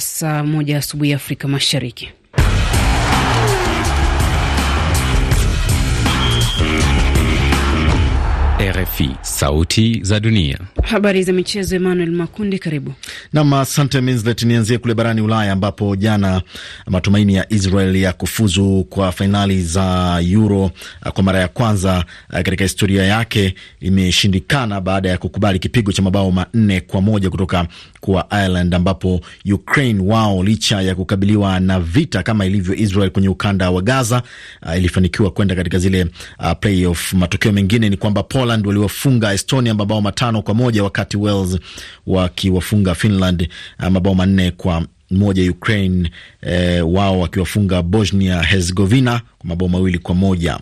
saa moja asubuhi Afrika Mashariki. RFI, sauti za dunia. Habari za michezo, Emmanuel Makundi, karibu nam. Asante Minslet, nianzie kule barani Ulaya ambapo jana matumaini ya Israel ya kufuzu kwa fainali za Euro uh, kwa mara ya kwanza uh, katika historia yake imeshindikana baada ya kukubali kipigo cha mabao manne kwa moja kutoka kuwa Ireland, ambapo Ukraine wao licha ya kukabiliwa na vita kama ilivyo Israel kwenye ukanda wa Gaza uh, ilifanikiwa kwenda katika zile uh, playoff. Matokeo mengine ni kwamba Poland waliwafunga Estonia mabao matano kwa moja wakati Wales wakiwafunga Finland uh, mabao manne kwa moja Ukraine eh, wao wakiwafunga Bosnia Herzegovina kwa mabao mawili kwa moja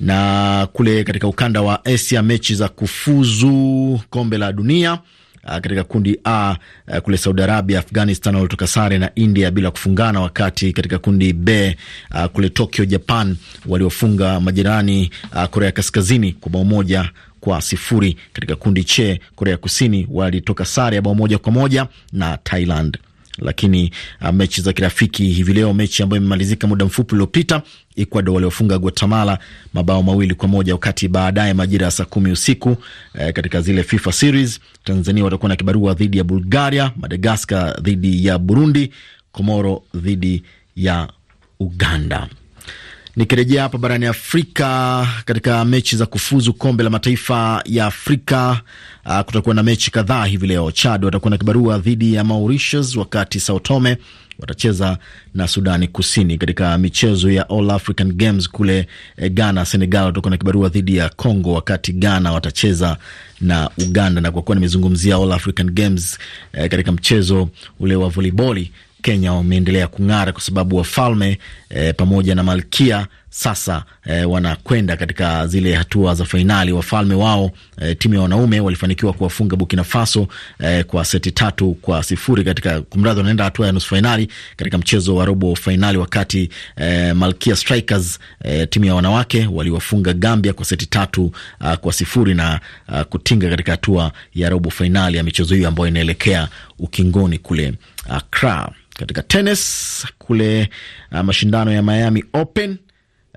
na kule katika ukanda wa Asia mechi za kufuzu kombe la dunia uh, katika kundi A uh, kule Saudi Arabia, Afghanistan walitoka sare na India bila kufungana, wakati katika kundi B uh, kule Tokyo, Japan waliofunga majirani uh, Korea Kaskazini kwa bao moja kwa sifuri. Katika kundi C Korea Kusini walitoka sare ya bao moja kwa moja na Thailand. Lakini uh, mechi za kirafiki hivi leo, mechi ambayo imemalizika muda mfupi uliopita, Ecuador waliofunga Guatemala mabao mawili kwa moja, wakati baadaye majira ya saa kumi usiku eh, katika zile FIFA series Tanzania watakuwa na kibarua dhidi ya Bulgaria, Madagaskar dhidi ya Burundi, Komoro dhidi ya Uganda. Nikirejea hapa barani Afrika, katika mechi za kufuzu kombe la mataifa ya Afrika uh, kutakuwa na mechi kadhaa hivi leo. Chad watakuwa na kibarua dhidi ya Mauritius, wakati Sao Tome watacheza na Sudani Kusini. Katika michezo ya All African Games kule eh, Ghana, Senegal watakuwa na kibarua dhidi ya Congo, wakati Ghana watacheza na Uganda. Na kwa kuwa nimezungumzia All African Games eh, katika mchezo ule wa voliboli Kenya wameendelea kung'ara kwa sababu wafalme eh, pamoja na malkia sasa eh, wanakwenda katika zile hatua za fainali. Wafalme wao eh, timu ya wanaume walifanikiwa kuwafunga Burkina Faso eh, kwa seti tatu kwa sifuri katika kumradhi, wanaenda hatua ya nusu fainali katika mchezo wa robo fainali, wakati eh, Malkia Strikers eh, timu ya wanawake waliwafunga Gambia kwa seti tatu a, ah, kwa sifuri na a, ah, kutinga katika hatua ya robo fainali ya michezo hiyo ambayo inaelekea ukingoni kule Uh, Accra. Katika tenis kule, uh, mashindano ya Miami Open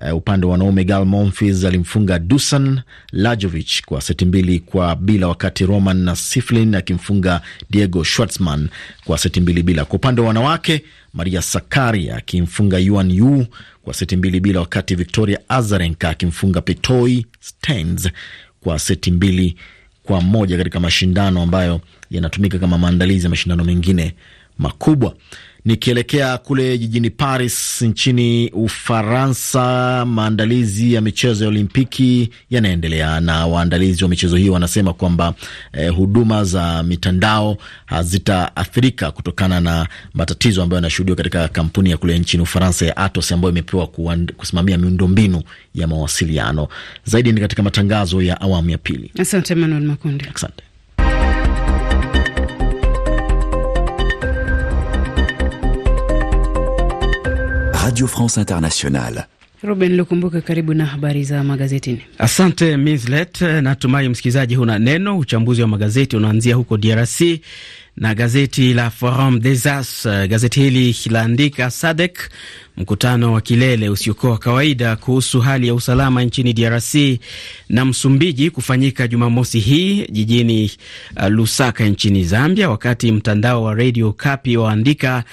uh, upande wa wanaume Gal Monfils alimfunga Dusan Lajovic kwa seti mbili kwa bila, wakati Roman na Siflin akimfunga Diego Schwartzman kwa seti mbili bila. Kwa upande wa wanawake Maria Sakari akimfunga Yuan Yu kwa seti mbili bila, wakati Victoria Azarenka akimfunga Petoi Stens kwa seti mbili kwa moja katika mashindano ambayo yanatumika kama maandalizi ya mashindano mengine makubwa. Nikielekea kule jijini Paris nchini Ufaransa, maandalizi ya michezo ya Olimpiki yanaendelea na waandalizi wa michezo hiyo wanasema kwamba eh, huduma za mitandao hazitaathirika kutokana na matatizo ambayo yanashuhudiwa katika kampuni ya kule nchini Ufaransa ya Atos ambayo imepewa kusimamia miundombinu ya mawasiliano. Zaidi ni katika matangazo ya awamu ya pili. Asante Manuel Makundi. Asante. Radio France Internationale. Robin Lukumbuka, karibu na habari za magazetini. Asante Mislet, natumai msikilizaji huna neno. Uchambuzi wa magazeti unaanzia huko DRC na gazeti la Forum des As. Gazeti hili laandika Sadek, mkutano wa kilele usiokuwa wa kawaida kuhusu hali ya usalama nchini DRC na Msumbiji kufanyika Jumamosi hii jijini uh, Lusaka nchini Zambia, wakati mtandao wa Radio Kapi waandika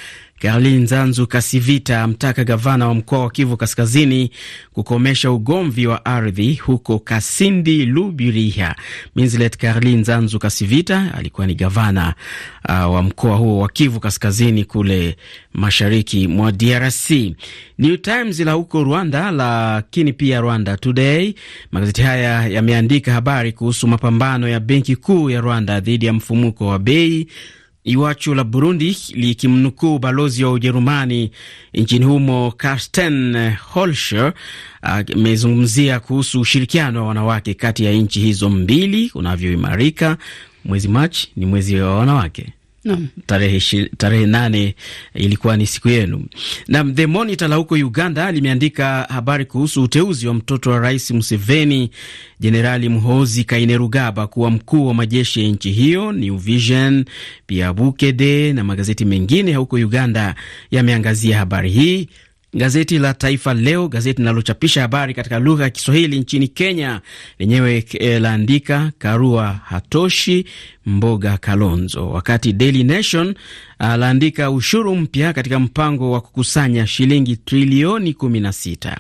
Karlin Zanzu Kasivita amtaka gavana wa mkoa wa Kivu Kaskazini kukomesha ugomvi wa ardhi huko Kasindi Lubiriha. Minzlet Karlin Zanzu Kasivita alikuwa ni gavana uh, wa mkoa huo wa Kivu Kaskazini kule mashariki mwa DRC. New Times la huko Rwanda, lakini pia Rwanda Today, magazeti haya yameandika habari kuhusu mapambano ya benki kuu ya Rwanda dhidi ya mfumuko wa bei Iwachu la Burundi likimnukuu balozi wa Ujerumani nchini humo Karsten Holscher amezungumzia kuhusu ushirikiano wa wanawake kati ya nchi hizo mbili unavyoimarika. Mwezi Machi ni mwezi wa wanawake. Tarehe, tarehe nane ilikuwa ni siku yenu. Na The Monitor la huko Uganda limeandika habari kuhusu uteuzi wa mtoto wa Rais Museveni, Jenerali mhozi Kainerugaba kuwa mkuu wa majeshi ya nchi hiyo. New Vision, pia Bukede na magazeti mengine huko Uganda yameangazia habari hii Gazeti la Taifa Leo, gazeti linalochapisha habari katika lugha ya Kiswahili nchini Kenya, lenyewe eh, laandika Karua hatoshi, Mboga Kalonzo, wakati Daily Nation alaandika ushuru mpya katika mpango wa kukusanya shilingi trilioni 16.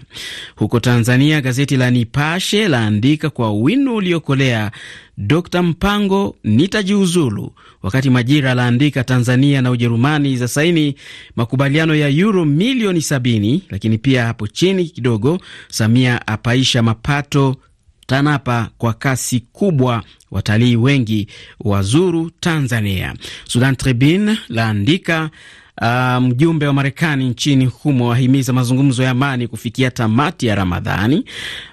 Huko Tanzania, gazeti la Nipashe laandika kwa wino uliokolea Dkt Mpango nitajiuzulu, wakati Majira laandika Tanzania na Ujerumani za saini makubaliano ya yuro milioni 70. Lakini pia hapo chini kidogo, Samia apaisha mapato TANAPA kwa kasi kubwa, watalii wengi wazuru Tanzania. Sudan Tribune laandika Uh, mjumbe wa Marekani nchini humo wahimiza mazungumzo ya amani kufikia tamati ya Ramadhani.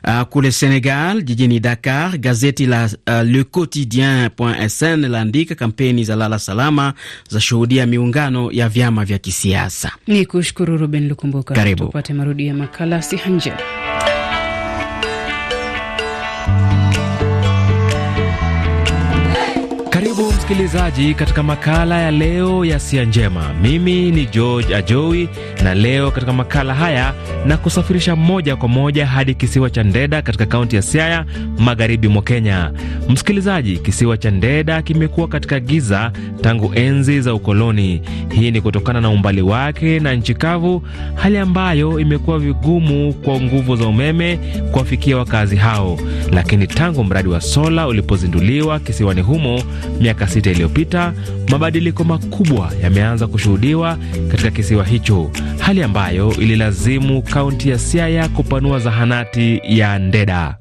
Uh, kule Senegal jijini Dakar, gazeti la uh, Le quotidiensn laandika kampeni za lala salama za shuhudia miungano ya vyama vya kisiasa. Ni kushukuru Ruben Lukumbuka. Karibu tupate marudio ya makala siha njema. msikilizaji, katika makala ya leo ya Sia Njema, mimi ni George Ajowi, na leo katika makala haya na kusafirisha moja kwa moja hadi kisiwa cha Ndeda katika kaunti ya Siaya, magharibi mwa Kenya. Msikilizaji, kisiwa cha Ndeda kimekuwa katika giza tangu enzi za ukoloni. Hii ni kutokana na umbali wake na nchi kavu, hali ambayo imekuwa vigumu kwa nguvu za umeme kuwafikia wakazi hao, lakini tangu mradi wa sola ulipozinduliwa kisiwani humo miaka sita iliyopita, mabadiliko makubwa yameanza kushuhudiwa katika kisiwa hicho, hali ambayo ililazimu kaunti ya Siaya kupanua zahanati ya Ndeda.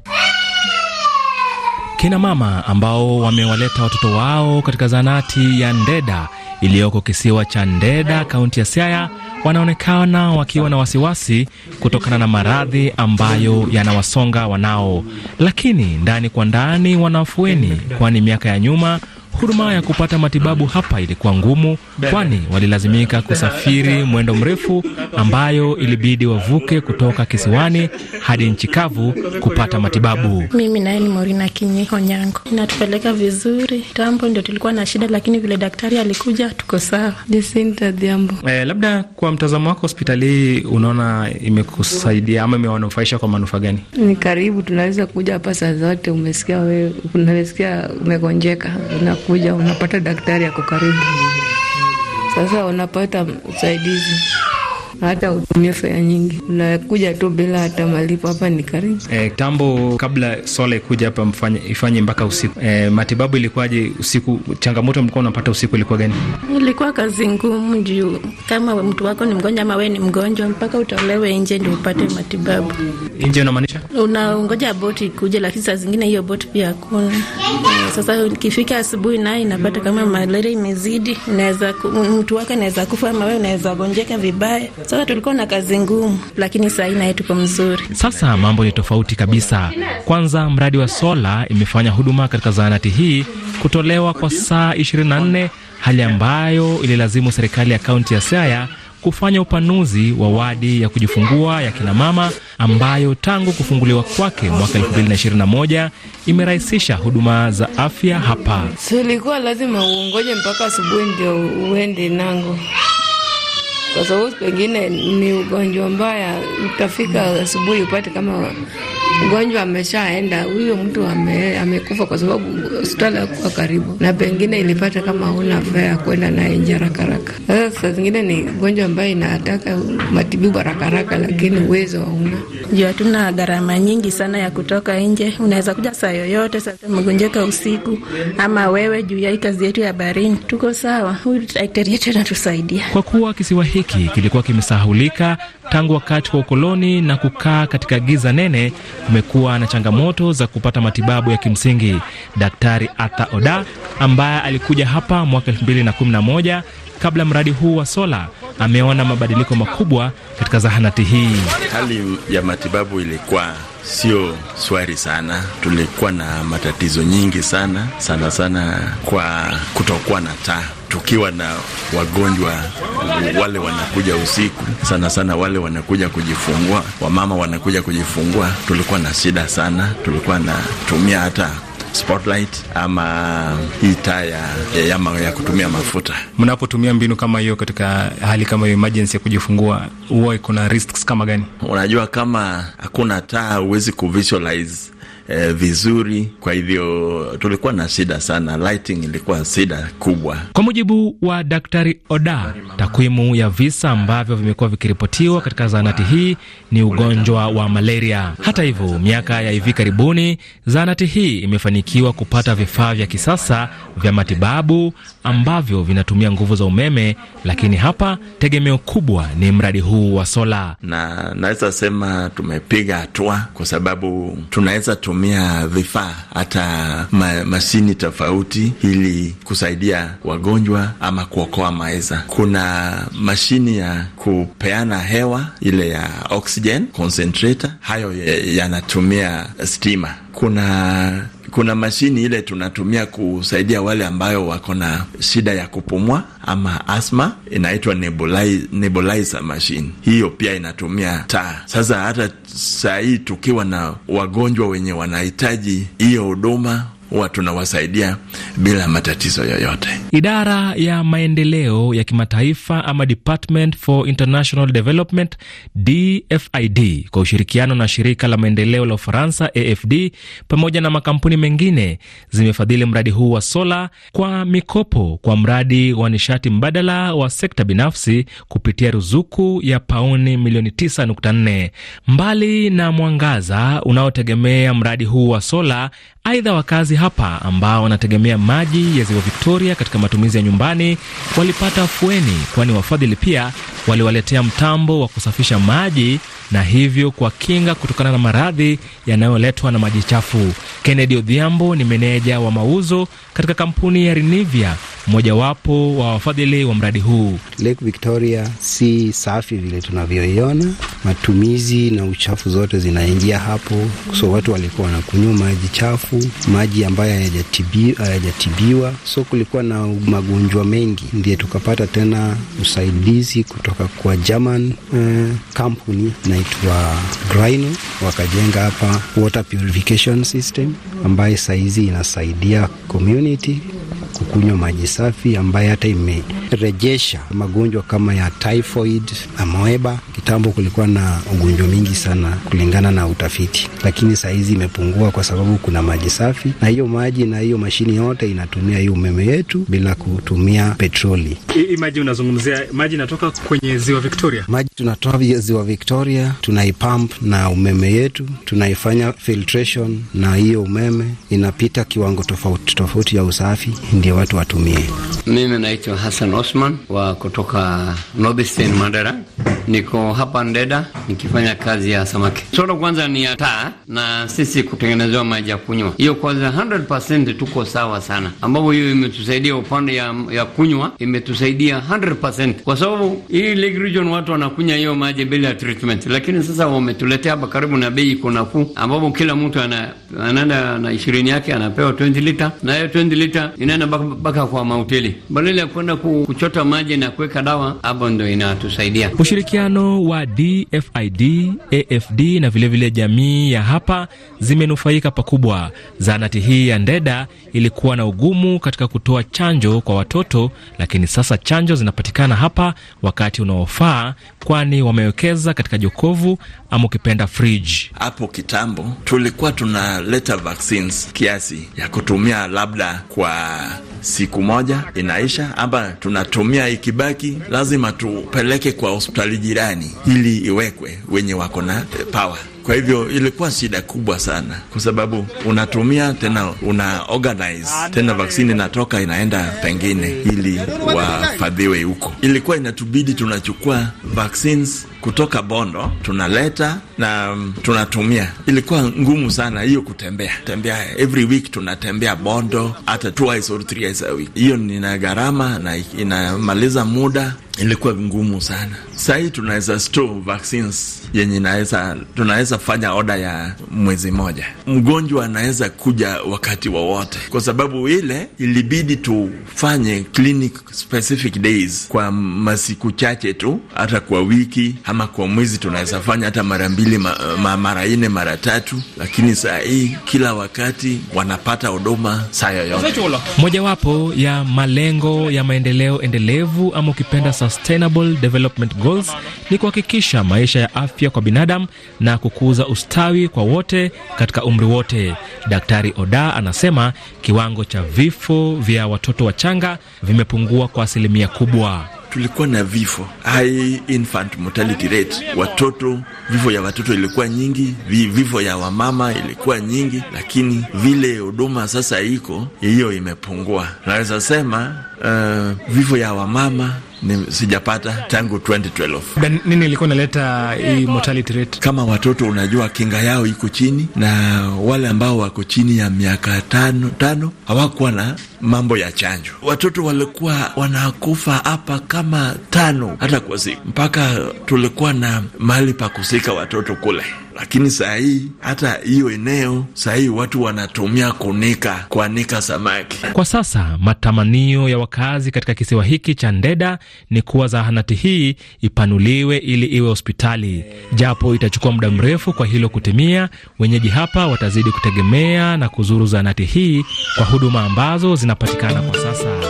Kina mama ambao wamewaleta watoto wao katika zahanati ya Ndeda iliyoko kisiwa cha Ndeda, kaunti ya Siaya, wanaonekana wakiwa na wasiwasi kutokana na maradhi ambayo yanawasonga wanao, lakini ndani kwa ndani wanafueni kwani miaka ya nyuma Huduma ya kupata matibabu hapa ilikuwa ngumu, kwani walilazimika kusafiri mwendo mrefu, ambayo ilibidi wavuke kutoka kisiwani hadi nchi kavu kupata matibabu. Mimi naye ni Morina Kinyi Onyango, inatupeleka vizuri. Tambo ndio tulikuwa na shida, lakini vile daktari alikuja tuko sawa. Eh, labda kwa mtazamo wako hospitali hii unaona imekusaidia ama imewanufaisha kwa manufaa gani? Ni karibu, tunaweza kuja hapa saa zote. Umesikia wewe, unasikia umegonjeka, unaku unakuja unapata daktari ako karibu, sasa unapata usaidizi hata utumie fea nyingi, nakuja tu bila hata malipo. Hapa ni karibu e, tambo. Kabla swala ikuja hapa ifanye mpaka usiku e, matibabu ilikuwaje usiku? Changamoto mlikuwa unapata usiku ilikuwa gani? Ilikuwa kazi ngumu juu kama mtu wako ni mgonjwa ama wewe ni mgonjwa, mpaka utolewe nje ndio upate matibabu. Nje unamaanisha unaongoja boti ikuje, lakini saa zingine hiyo boti pia hakuna. Sasa ikifika asubuhi naye inapata kama malaria imezidi, mtu wako anaweza kufa ama wewe unaweza gonjeka vibaya. Sasa tulikuwa na kazi ngumu, lakini saa ina yetu mzuri. Sasa mambo ni tofauti kabisa. Kwanza, mradi wa sola imefanya huduma katika zahanati hii kutolewa kwa saa 24, hali ambayo ililazimu serikali ya kaunti ya Siaya kufanya upanuzi wa wadi ya kujifungua ya kinamama ambayo tangu kufunguliwa kwake mwaka 2021 imerahisisha huduma za afya hapa. Silikuwa lazima uongoje mpaka asubuhi ndio uende nango kwa sababu pengine ni ugonjwa mbaya, utafika asubuhi upate kama mgonjwa ameshaenda, huyo mtu ame, amekufa kwa sababu hospitali hakuwa karibu, na pengine ilipata kama una fea ya kwenda naye nje rakaraka. Sasa eh, saa zingine ni gonjwa ambayo inataka matibibu harakaraka, lakini uwezo hauna juu, hatuna gharama nyingi sana ya kutoka nje. Unaweza kuja saa yoyote, saa mgonjeka usiku ama wewe, juu ya kazi yetu ya barini tuko sawa, huyu daktari yetu anatusaidia. Kwa kuwa kisiwa hiki kilikuwa kimesahulika tangu wakati wa ukoloni na kukaa katika giza nene, kumekuwa na changamoto za kupata matibabu ya kimsingi. Daktari Daktari Arthur Oda ambaye alikuja hapa mwaka 2011 kabla mradi huu wa sola, ameona mabadiliko makubwa katika zahanati hii. Hali ya matibabu ilikuwa sio swari sana, tulikuwa na matatizo nyingi sana sana sana kwa kutokuwa na taa tukiwa na wagonjwa wale wanakuja usiku sana sana, wale wanakuja kujifungua, wamama wanakuja kujifungua, tulikuwa na shida sana, tulikuwa na tumia hata spotlight ama hii taa ya, ya, ya kutumia mafuta. Mnapotumia mbinu kama hiyo katika hali kama hiyo emergency ya kujifungua, huwa kuna risks kama gani? Unajua, kama hakuna taa huwezi kuvisualize eh, vizuri. Kwa hivyo tulikuwa na shida sana, lighting ilikuwa shida kubwa. Kwa mujibu wa Daktari Oda, takwimu ya visa ambavyo vimekuwa vikiripotiwa katika zahanati hii ni ugonjwa wa malaria. Hata hivyo, miaka ya hivi karibuni zahanati hii imefanikiwa kupata vifaa vya kisasa vya matibabu ambavyo vinatumia nguvu za umeme, lakini hapa tegemeo kubwa ni mradi huu wa sola. Na naweza sema tumepiga hatua, kwa sababu tunaweza tumia vifaa hata ma, mashini tofauti ili kusaidia wagonjwa ama kuokoa maisha. Kuna mashini ya kupeana hewa ile ya oxygen concentrator, hayo yanatumia ya stima. Kuna kuna mashini ile tunatumia kusaidia wale ambayo wako na shida ya kupumua ama asma, inaitwa nebulizer, nebulizer machine. Hiyo pia inatumia taa. Sasa hata saa hii tukiwa na wagonjwa wenye wanahitaji hiyo huduma huwa tunawasaidia bila matatizo yoyote. Idara ya maendeleo ya kimataifa ama Department for International Development DFID kwa ushirikiano na shirika la maendeleo la Ufaransa AFD pamoja na makampuni mengine zimefadhili mradi huu wa sola kwa mikopo kwa mradi wa nishati mbadala wa sekta binafsi kupitia ruzuku ya pauni milioni 9.4. Mbali na mwangaza unaotegemea mradi huu wa sola, aidha wakazi hapa ambao wanategemea maji ya ziwa Victoria katika matumizi ya nyumbani walipata afueni, kwani wafadhili pia waliwaletea mtambo wa kusafisha maji na hivyo kuwakinga kutokana na maradhi yanayoletwa na maji chafu. Kennedy Odhiambo ni meneja wa mauzo katika kampuni ya Renivia mmojawapo wa wafadhili wa mradi huu. Lake Victoria si safi vile tunavyoiona, matumizi na uchafu zote zinaingia hapo, so watu walikuwa wanakunywa maji chafu, maji ambayo hayajatibiwa, so kulikuwa na magonjwa mengi. Ndiye tukapata tena usaidizi kutoka kwa German eh, kampuni uh, inaitwa Grino, wakajenga hapa water purification system ambayo sahizi inasaidia community kukunywa maji safi ambayo hata imerejesha magonjwa kama ya typhoid, amoeba. Kitambo kulikuwa na ugonjwa mingi sana kulingana na utafiti, lakini sahizi imepungua kwa sababu kuna maji safi, na hiyo maji na hiyo mashini yote inatumia hiyo umeme yetu bila kutumia petroli. Hii maji unazungumzia maji inatoka kwenye ziwa Victoria? Maji tunatoa ziwa Victoria, tunaipump na umeme yetu, tunaifanya filtration na hiyo umeme inapita kiwango tofauti tofauti ya usafi ndio watu watumie. Mimi naitwa Hassan Osman wa kutoka Nobisten Mandera, niko hapa Ndeda nikifanya kazi ya samaki. Soda kwanza ni ya taa na sisi kutengenezewa maji ya kunywa, hiyo kwanza 100% tuko sawa sana, ambapo hiyo imetusaidia upande ya, ya kunywa imetusaidia 100%, kwa sababu hii Lake Region watu wanakunywa hiyo maji bila ya treatment, lakini sasa wametuletea hapa karibu na bei iko nafuu, ambapo kila mtu anaenda ana, na ishirini yake anapewa 20 lita na hiyo 20 lita inaenda mpaka kwa mahoteli, badala ya kwenda kuchota maji na kuweka dawa, hapo ndo inatusaidia. Ushirikiano wa DFID, AFD na vilevile vile jamii ya hapa zimenufaika pakubwa. Zahanati hii ya Ndeda ilikuwa na ugumu katika kutoa chanjo kwa watoto, lakini sasa chanjo zinapatikana hapa wakati unaofaa, kwani wamewekeza katika jokovu ama ukipenda fridge. Hapo kitambo tulikuwa tunaleta vaccines kiasi ya kutumia labda kwa siku moja inaisha, ama tunatumia ikibaki, lazima tupeleke kwa hospitali jirani ili iwekwe wenye wako na power. Kwa hivyo ilikuwa shida kubwa sana, kwa sababu unatumia tena, una organize tena, vaksini inatoka inaenda pengine ili wafadhiwe huko. Ilikuwa inatubidi tunachukua vaccines kutoka Bondo tunaleta na mm, tunatumia. Ilikuwa ngumu sana hiyo kutembea tembea, every week tunatembea Bondo hata twice or thrice a week. Hiyo nina gharama na inamaliza muda, ilikuwa ngumu sana. Sahii tunaweza store vaccines yenye inaweza tunaweza fanya oda ya mwezi moja, mgonjwa anaweza kuja wakati wowote wa, kwa sababu ile ilibidi tufanye clinic specific days kwa masiku chache tu, hata kwa wiki ama kwa mwezi tunaweza fanya hata mara mbili ma, ma, mara nne mara tatu, lakini saa hii kila wakati wanapata huduma saa yoyote. Mojawapo ya malengo ya maendeleo endelevu ama ukipenda sustainable development goals ni kuhakikisha maisha ya afya kwa binadamu na kukuza ustawi kwa wote katika umri wote. Daktari Oda anasema kiwango cha vifo vya watoto wachanga vimepungua kwa asilimia kubwa tulikuwa na vifo high infant mortality rate, watoto, vifo ya watoto ilikuwa nyingi, vifo ya wamama ilikuwa nyingi, lakini vile huduma sasa iko hiyo imepungua, naweza sema uh, vifo ya wamama ni sijapata tangu 2012. Ben, nini ilikuwa inaleta hii mortality rate? Kama watoto unajua kinga yao iko chini, na wale ambao wako chini ya miaka tano tano hawakuwa na mambo ya chanjo. Watoto walikuwa wanakufa hapa kama tano hata kwa siku, mpaka tulikuwa na mahali pa kusika watoto kule lakini sahii hata hiyo eneo sahii watu wanatumia kunika kuanika samaki. Kwa sasa matamanio ya wakazi katika kisiwa hiki cha Ndeda ni kuwa zahanati hii ipanuliwe ili iwe hospitali, japo itachukua muda mrefu kwa hilo kutimia. Wenyeji hapa watazidi kutegemea na kuzuru zahanati hii kwa huduma ambazo zinapatikana kwa sasa.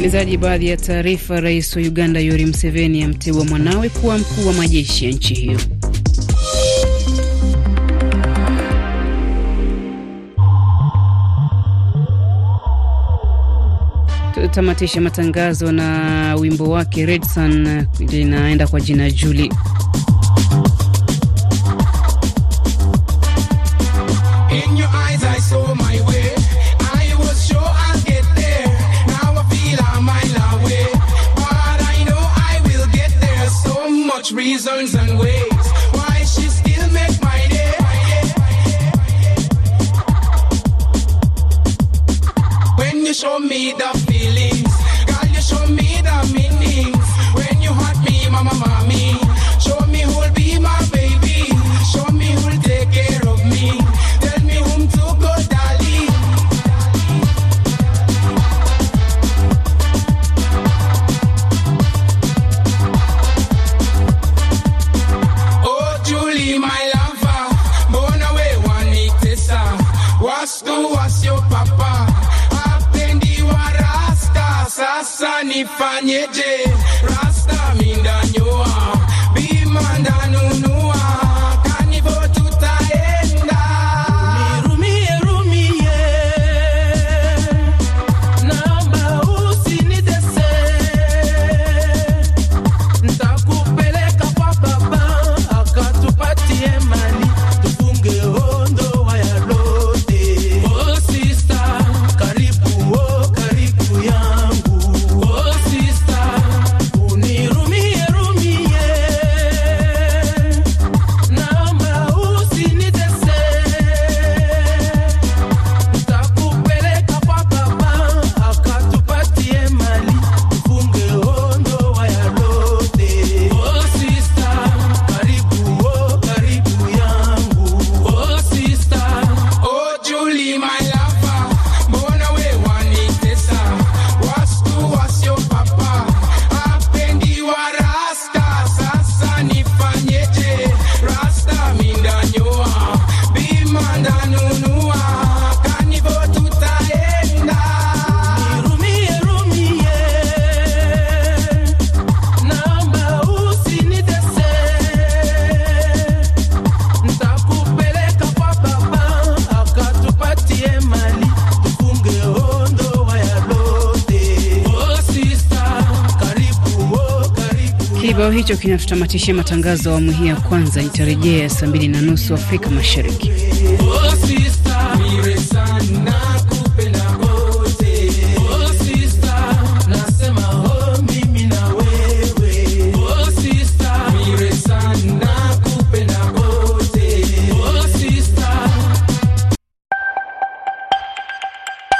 Msikilizaji, baadhi ya taarifa. Rais wa Uganda Yoweri Museveni amteua mwanawe kuwa mkuu wa majeshi ya nchi hiyo. Tutamatisha matangazo na wimbo wake Redsan, linaenda kwa jina Julie. show me the feelings. Girl, you show me the meanings. When you hurt me, mama, mama. nifanyeje? Kibao hicho kinatutamatishia matangazo awamu hii ya kwanza. Nitarejea saa mbili na nusu Afrika Mashariki.